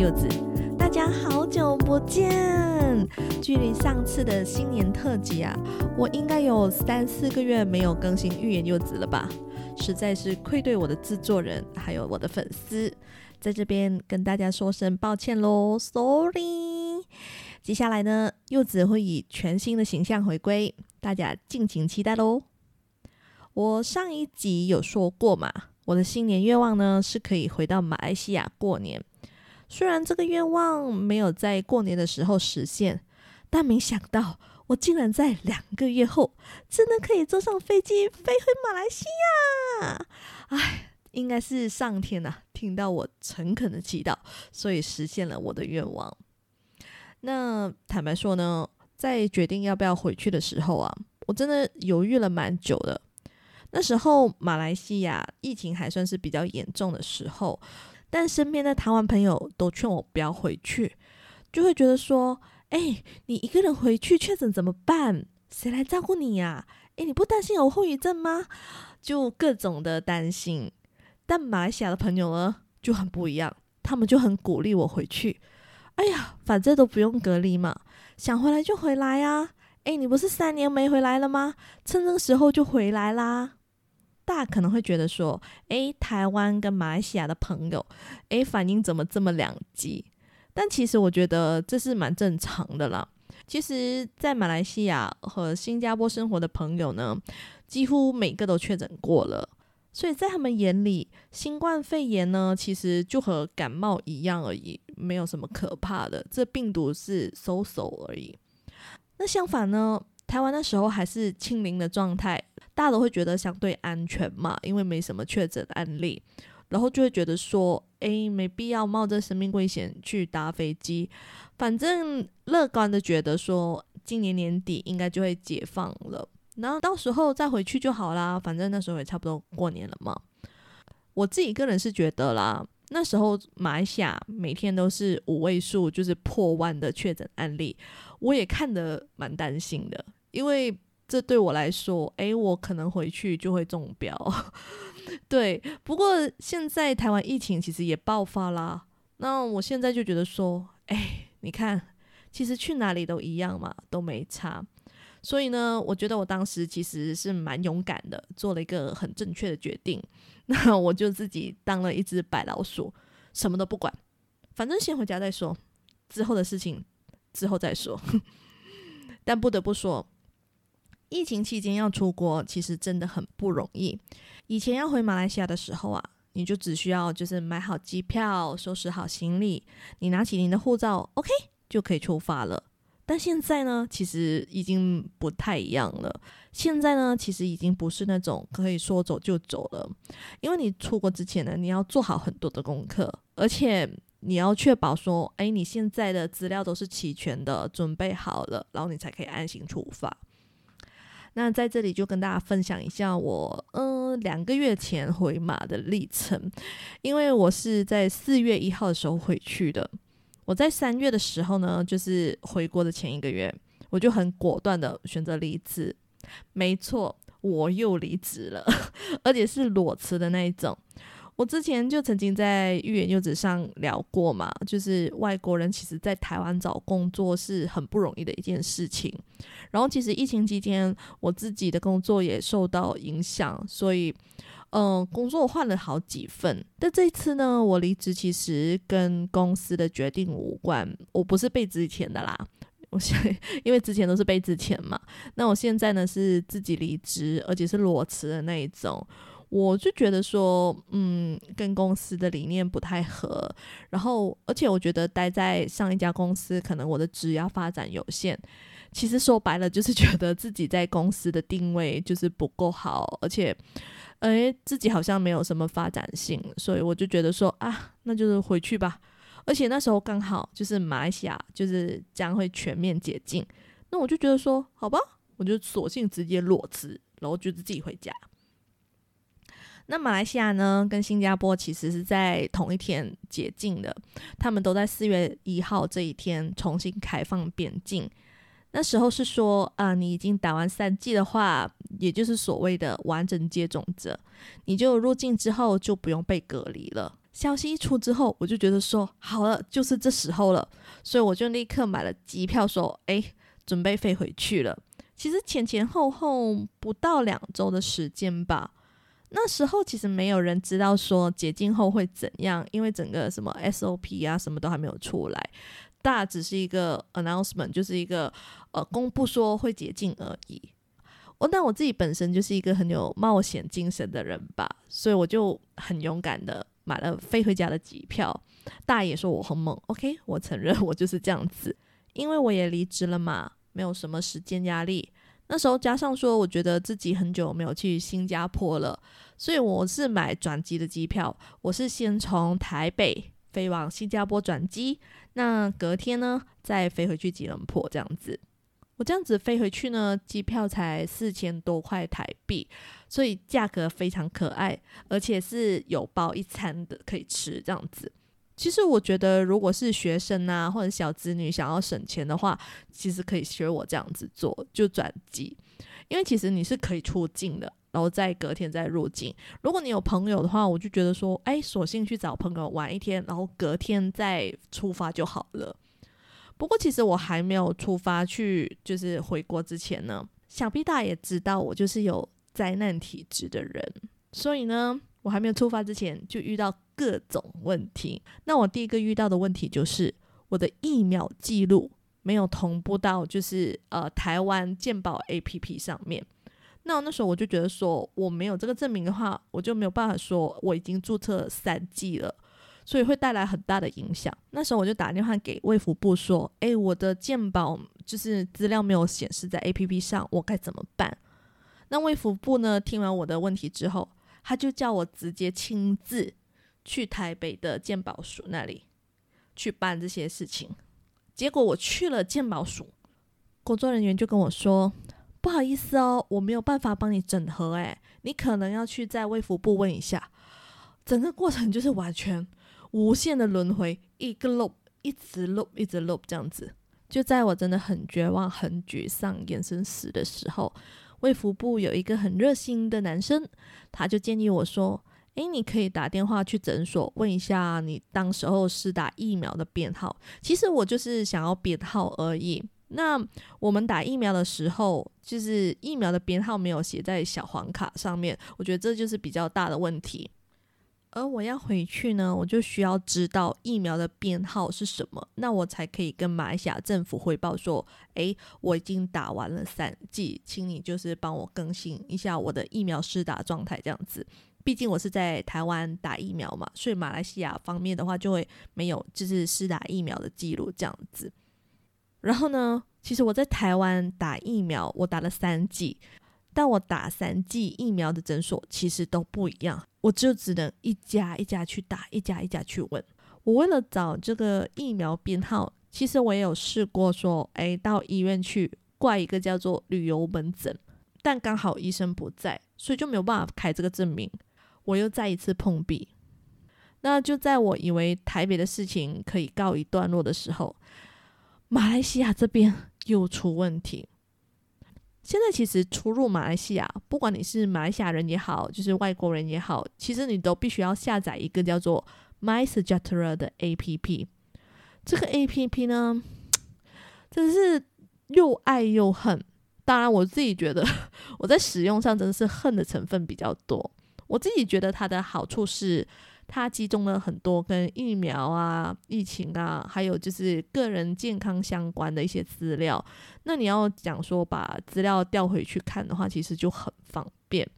柚子，大家好久不見！距離上次的新年特輯啊，我應該有三四個月沒有更新《欲言又止》了吧？實在是愧對我的制作人，還有我的粉絲，在這邊跟大家說聲抱歉嘍，Sorry。接下來呢，柚子會以全新的形象回歸，大家敬請期待嘍。我上一集有說過嘛，我的新年願望呢，是可以回到馬來西亞過年。雖然這個願望沒有在過年的時候實現，但沒想到我竟然在兩個月後真的可以坐上飛機飛回馬來西亞。哎，應該是上天啊，聽到我誠懇的祈禱，所以實現了我的願望。那坦白說呢，在決定要不要回去的時候啊，我真的猶豫了蠻久的。那時候馬來西亞疫情還算是比較嚴重的時候。但身邊的台灣朋友都勸我不要回去，就會覺得說：“哎，你一個人回去確診怎麼辦？誰來照顧你呀？哎，你不擔心有後遺症嗎？”就各種的擔心。但馬來西亞的朋友呢就很不一樣，他們就很鼓勵我回去。哎呀，反正都不用隔離嘛，想回來就回來呀。哎，你不是三年沒回來了嗎？趁那時候就回來啦。大家可能會覺得說，哎，台灣跟馬來西亞的朋友，哎，反應怎麼這麼兩極？但其實我覺得這是蠻正常的啦。其實，在馬來西亞和新加坡生活的朋友呢，幾乎每個都確診過了，所以在他們眼裡，新冠肺炎呢，其實就和感冒一樣而已，沒有什麼可怕的。這病毒是 so so 而已。那相反呢，台灣那時候還是清零的狀態。大家都會覺得相對安全嘛，因為沒什麼確診案例，然後就會覺得說，誒，沒必要冒着生命危險去搭飛機，反正樂觀的覺得說，今年年底應該就會解放了，然後到時候再回去就好啦，反正那時候也差不多過年了嘛。我自己個人是覺得啦，那時候馬來西亞每天都是五位數，就是破萬的確診案例，我也看得蠻擔心的，因為。這對我來說，哎，我可能回去就會中標。 對，不過現在台灣疫情其實也爆發啦。那我現在就覺得說，哎，你看，其實去哪裡都一樣嘛，都沒差。所以呢，我覺得我當時其實是蠻勇敢的，做了一個很正確的決定。那我就自己當了一隻白老鼠，什麼都不管，反正先回家再說，之後的事情之後再說。 但不得不說。疫情期間要出國，其實真的很不容易。以前要回馬來西亞的時候啊，你就只需要就是買好機票，收拾好行李，你拿起你的護照，OK，就可以出發了。但現在呢，其實已經不太一樣了。現在呢，其實已經不是那種可以說走就走了，因為你出國之前呢，你要做好很多的功課，而且你要確保說，哎，你現在的資料都是齊全的，準備好了，然後你才可以安心出發。那在這裡就跟大家分享一下我嗯兩個月前回馬的歷程，因為我是在四月一號的時候回去的。我在三月的時候呢，就是回國的前一個月，我就很果斷的選擇離職。沒錯，我又離職了，而且是裸辭的那一種。我之前就曾經在欲言又止上聊過嘛，就是外國人其實，在台灣找工作是很不容易的一件事情。然後，其實疫情期間，我自己的工作也受到影響，所以，嗯、呃，工作換了好幾份。但這一次呢，我離職其實跟公司的決定無關，我不是被資遣的啦。我想因為之前都是被資遣嘛，那我現在呢是自己離職，而且是裸辭的那一種。我就覺得說，嗯，跟公司的理念不太合，然後，而且我覺得待在上一家公司，可能我的職業發展有限。其實說白了，就是覺得自己在公司的定位就是不夠好，而且，哎，自己好像沒有什麼發展性，所以我就覺得說，啊，那就是回去吧。而且那時候剛好就是馬來西亞就是將會全面解禁，那我就覺得說，好吧，我就索性直接裸辭，然後就是自己回家。那馬來西亞呢？跟新加坡其實是在同一天解禁的，他們都在四月一號這一天重新開放邊境。那時候是說啊、呃，你已經打完三劑的話，也就是所謂的完整接種者，你就入境之後就不用被隔離了。消息一出之後，我就覺得說好了，就是這時候了，所以我就立刻買了機票說，說哎，準備飛回去了。其實前前後後不到兩周的時間吧。那時候其實沒有人知道說解禁後會怎樣，因為整個什麼 SOP 啊，什麼都還沒有出來，大只是一個 announcement，就是一個呃公布說會解禁而已。我、oh, 但我自己本身就是一個很有冒險精神的人吧，所以我就很勇敢的買了飛回家的機票。大爺說我很猛，OK，我承認我就是這樣子，因為我也離職了嘛，沒有什麼時間壓力。那時候加上說，我覺得自己很久沒有去新加坡了，所以我是買轉機的機票。我是先從台北飛往新加坡轉機，那隔天呢，再飛回去吉隆坡這樣子。我這樣子飛回去呢，機票才四千多塊台幣，所以價格非常可愛，而且是有包一餐的可以吃這樣子。其實我覺得，如果是學生啊，或者小子女想要省錢的話，其實可以學我這樣子做，就轉機。因為其實你是可以出境的，然後再隔天再入境。如果你有朋友的話，我就覺得說，哎，索性去找朋友玩一天，然後隔天再出發就好了。不過，其實我還沒有出發去，就是回國之前呢，想必大家也知道，我就是有災難體質的人，所以呢，我還沒有出發之前就遇到。各種問題。那我第一個遇到的問題就是我的疫苗記錄沒有同步到，就是呃台灣健保 APP 上面。那我那時候我就覺得說，我沒有這個證明的話，我就沒有辦法說我已經註冊三劑了，所以會帶來很大的影響。那時候我就打電話給衛福部說：“誒，我的健保就是資料沒有顯示在 APP 上，我該怎麼辦？”那衛福部呢，聽完我的問題之後，他就叫我直接親自。去台北的健保署那裡去辦這些事情，結果我去了健保署，工作人員就跟我說：“不好意思哦，我沒有辦法幫你整合，哎，你可能要去在衛福部問一下。”整個過程就是完全無限的輪迴，一個 loop，一直 loop，一直 loop。這樣子。就在我真的很絕望、很沮喪、眼神死的時候，衛福部有一個很熱心的男生，他就建議我說。誒，你可以打電話去診所問一下，你當時候施打疫苗的編號。其實我就是想要編號而已。那我們打疫苗的時候，就是疫苗的編號沒有寫在小黃卡上面，我覺得這就是比較大的問題。而我要回去呢，我就需要知道疫苗的編號是什麼，那我才可以跟馬來西亞政府匯報說，誒，我已經打完了三劑，請你就是幫我更新一下我的疫苗施打狀態，這樣子。畢竟我是在台灣打疫苗嘛，所以馬來西亞方面的話就會沒有就是施打疫苗的記錄這樣子。然後呢，其實我在台灣打疫苗，我打了三劑，但我打三劑疫苗的診所其實都不一樣，我就只能一家一家去打，一家一家去問。我為了找這個疫苗編號，其實我也有試過說，哎、欸，到醫院去掛一個叫做旅遊門診，但剛好醫生不在，所以就沒有辦法開這個證明。我又再一次碰壁，那就在我以為台北的事情可以告一段落的時候，馬來西亞這邊又出問題。現在其實出入馬來西亞，不管你是馬來西亞人也好，就是外國人也好，其實你都必須要下載一個叫做 MySejahtera 的 APP。這個 APP 呢，真是又愛又恨。當然，我自己覺得我在使用上真的是恨的成分比較多。我自己覺得它的好處是，它集中了很多跟疫苗啊、疫情啊，還有就是個人健康相關的一些資料。那你要講說把資料調回去看的話，其實就很方便。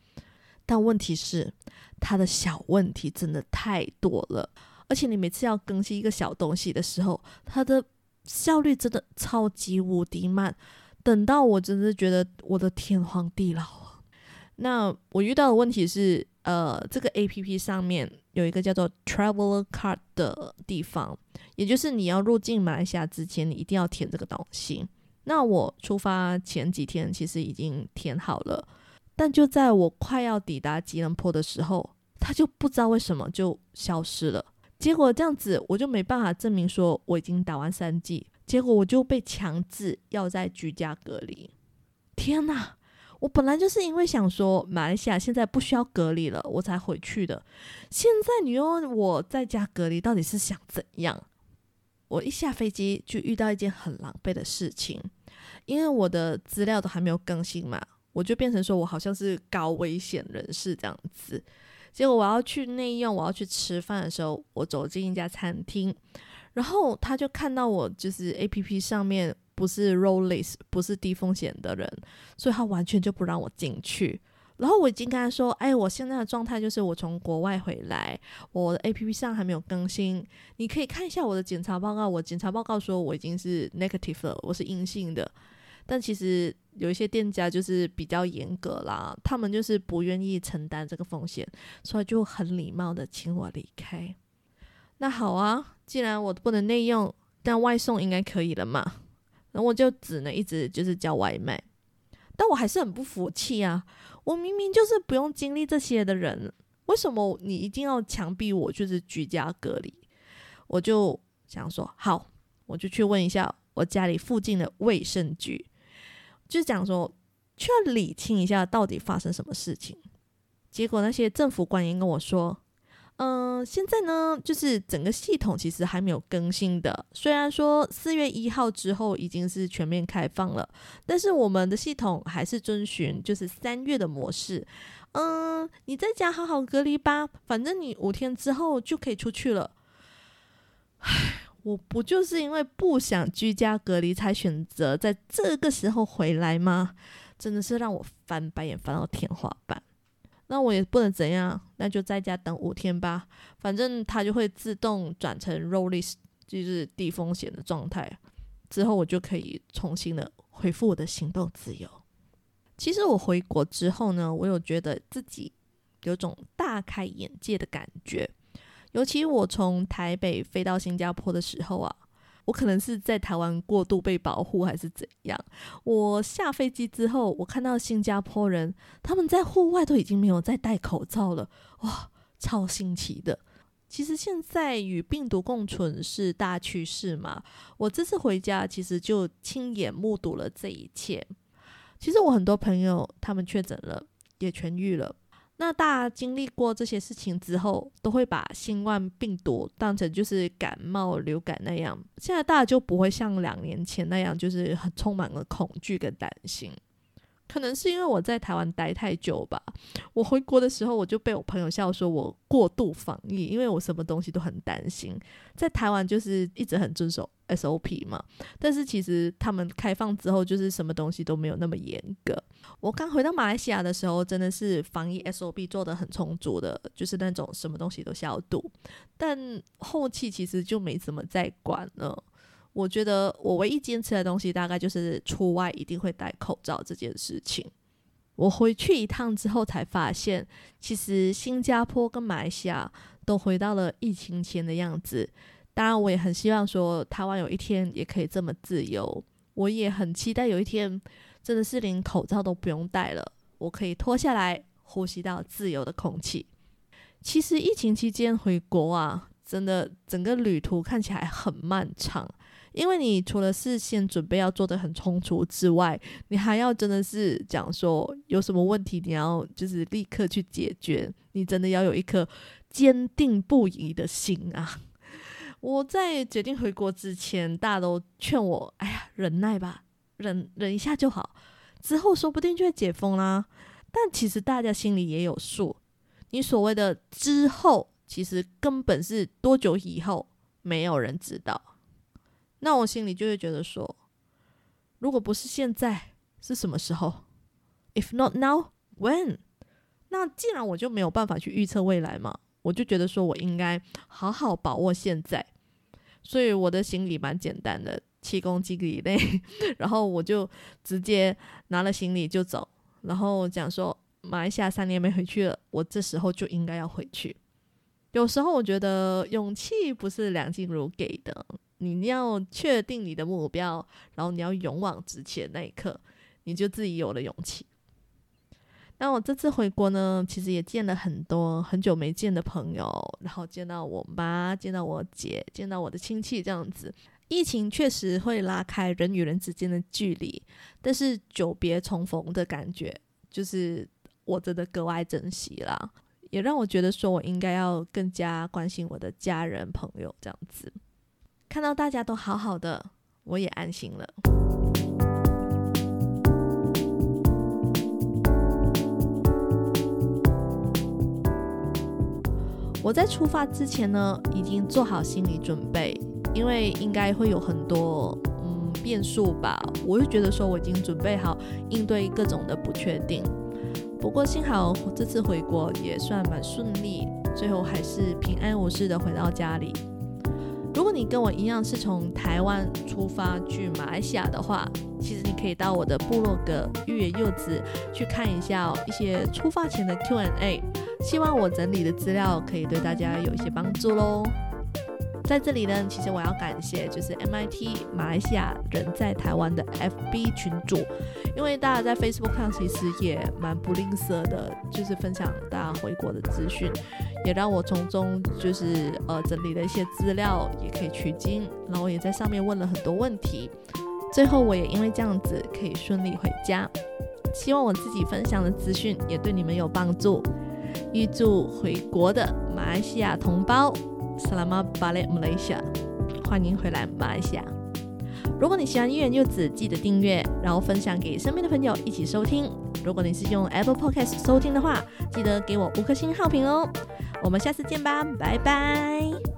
但問題是，它的小問題真的太多了，而且你每次要更新一個小東西的時候，它的效率真的超級無敵慢。等到我真的覺得我的天荒地老了。那我遇到的問題是。呃，這個 APP 上面有一個叫做 Traveler Card 的地方，也就是你要入境馬來西亞之前，你一定要填這個東西。那我出發前幾天其實已經填好了，但就在我快要抵達吉隆坡的時候，它就不知道為什麼就消失了。結果這樣子，我就沒辦法證明說我已經打完三劑，結果我就被強制要在居家隔離。天哪！我本來就是因為想說馬來西亞現在不需要隔離了，我才回去的。現在你又問我在家隔離，到底是想怎樣？我一下飛機就遇到一件很狼狽的事情，因為我的資料都還沒有更新嘛，我就變成說我好像是高危險人士這樣子。結果我要去內用，我要去吃飯的時候，我走進一家餐廳，然後他就看到我就是 A P P 上面。不是 low risk，不是低風險的人，所以他完全就不讓我進去。然後我已經跟他說：“哎，我現在的狀態就是我從國外回來，我的 APP 上還沒有更新，你可以看一下我的檢查報告。我檢查報告說我已經是 negative 了，我是陰性的。但其實有一些店家就是比較嚴格啦，他們就是不願意承擔這個風險，所以就很禮貌的請我離開。那好啊，既然我不能內用，但外送應該可以了嘛。”然後我就只能一直就是叫外賣，但我還是很不服氣啊！我明明就是不用經歷這些的人，為什麼你一定要強逼我就是居家隔離？我就想說，好，我就去問一下我家裡附近的衛生局，就講說，去要理清一下到底發生什麼事情。結果那些政府官員跟我說。嗯，現在呢，就是整個系統其實還沒有更新的。雖然說四月一號之後已經是全面開放了，但是我們的系統還是遵循就是三月的模式。嗯，你在家好好隔離吧，反正你五天之後就可以出去了。唉，我不就是因為不想居家隔離才選擇在這個時候回來嗎？真的是讓我翻白眼翻到天花板。那我也不能怎樣，那就在家等五天吧，反正它就會自動轉成 low risk，就是低風險的狀態，之後我就可以重新的恢復我的行動自由。其實我回國之後呢，我有覺得自己有種大開眼界的感覺，尤其我從台北飛到新加坡的時候啊。我可能是在台灣過度被保護，還是怎樣？我下飛機之後，我看到新加坡人，他們在戶外都已經沒有再戴口罩了，哇，超新奇的！其實現在與病毒共存是大趨勢嘛。我這次回家，其實就親眼目睹了這一切。其實我很多朋友，他們確診了，也痊愈了。那大家經歷過這些事情之後，都會把新冠病毒當成就是感冒、流感那樣。現在大家就不會像兩年前那樣，就是很充滿了恐懼跟擔心。可能是因為我在台灣待太久吧，我回國的時候，我就被我朋友笑說我過度防疫，因為我什麼東西都很擔心。在台灣就是一直很遵守 SOP 嘛，但是其實他們開放之後就是什麼東西都沒有那麼嚴格。我剛回到馬來西亞的時候真的是防疫 SOP 做得很充足的，就是那種什麼東西都消毒，但後期其實就沒怎麼再管了。我覺得我唯一堅持的東西，大概就是出外一定會戴口罩這件事情。我回去一趟之後，才發現其實新加坡跟馬來西亞都回到了疫情前的樣子。當然，我也很希望說台灣有一天也可以這麼自由。我也很期待有一天真的是連口罩都不用戴了，我可以脫下來，呼吸到自由的空氣。其實疫情期間回國啊，真的整個旅途看起來很漫長。因為你除了事先準備要做的很充足之外，你還要真的是講說有什麼問題，你要就是立刻去解決。你真的要有一顆堅定不移的心啊！我在決定回國之前，大家都勸我：“哎呀，忍耐吧，忍忍一下就好。”之後說不定就會解封啦。但其實大家心裡也有數，你所謂的之後，其實根本是多久以後，沒有人知道。那我心裡就會覺得說，如果不是現在是什麼時候？If not now, when？那既然我就沒有辦法去預測未來嘛，我就覺得說我應該好好把握現在。所以我的行李蠻簡單的，七公斤以內，然後我就直接拿了行李就走。然後講說，馬來西亞三年沒回去了，我這時候就應該要回去。有時候我覺得勇氣不是梁靜茹給的。你要確定你的目標，然後你要勇往直前，那一刻你就自己有了勇氣。那我這次回國呢，其實也見了很多很久沒見的朋友，然後見到我媽，見到我姐，見到我的親戚，這樣子。疫情確實會拉開人與人之間的距離，但是久別重逢的感覺，就是我真的格外珍惜啦。也讓我覺得說我應該要更加關心我的家人朋友，這樣子。看到大家都好好的，我也安心了。我在出發之前呢，已經做好心理準備，因為應該會有很多嗯變數吧。我就覺得說，我已經準備好應對各種的不確定。不過幸好這次回國也算蠻順利，最後還是平安無事的回到家裡。如果你跟我一樣是從台灣出發去馬來西亞的話，其實你可以到我的部落格“預言柚子”去看一下一些出發前的 Q&A，希望我整理的資料可以對大家有一些幫助嘍。在這裡呢，其實我要感謝就是 MIT 馬來西亞人在台灣的 FB 群主，因為大家在 Facebook 上其實也蠻不吝嗇的，就是分享大家回國的資訊。也讓我從中就是呃整理了一些資料，也可以取經，然後也在上面問了很多問題，最後我也因為這樣子可以順利回家。希望我自己分享的資訊也對你們有幫助，預祝回國的馬來西亞同胞，Selamat Balik Malaysia，歡迎回來馬來西亞。如果你喜歡一元柚子，記得訂閱，然後分享給身邊的朋友一起收聽。如果你是用 Apple Podcast 收聽的話，記得給我五顆星好評哦。我們下次見吧，拜拜。